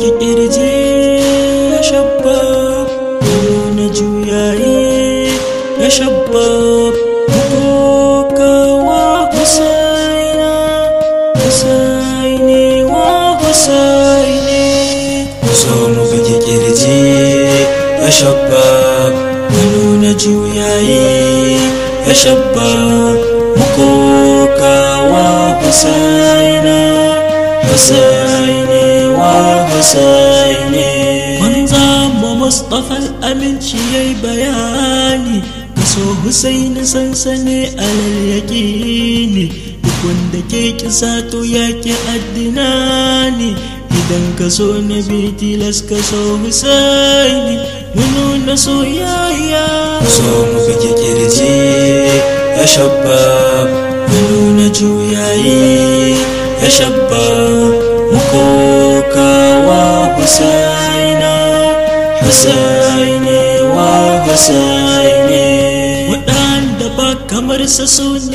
ki kirje ya shabbab Yau na Shabab, ya shabbab Kukokawa Husaina Husaini wa Husaini So muka ki kirje ya shabbab Yau na juyaye ya shabbab Kukokawa Husaina Husaina husaini manza mu mustafa aminci yayi bayani so husaini sansani alal yaqini duk wanda ke kisa to yake addina ne idan ka so na bi tilas ka so husaini munu na soyayya so mu kake kirji ya shabba munu na juyayi ya shabba mu kowa Husayna, Husayni, wa Husayni, waɗanda ba kamar sa su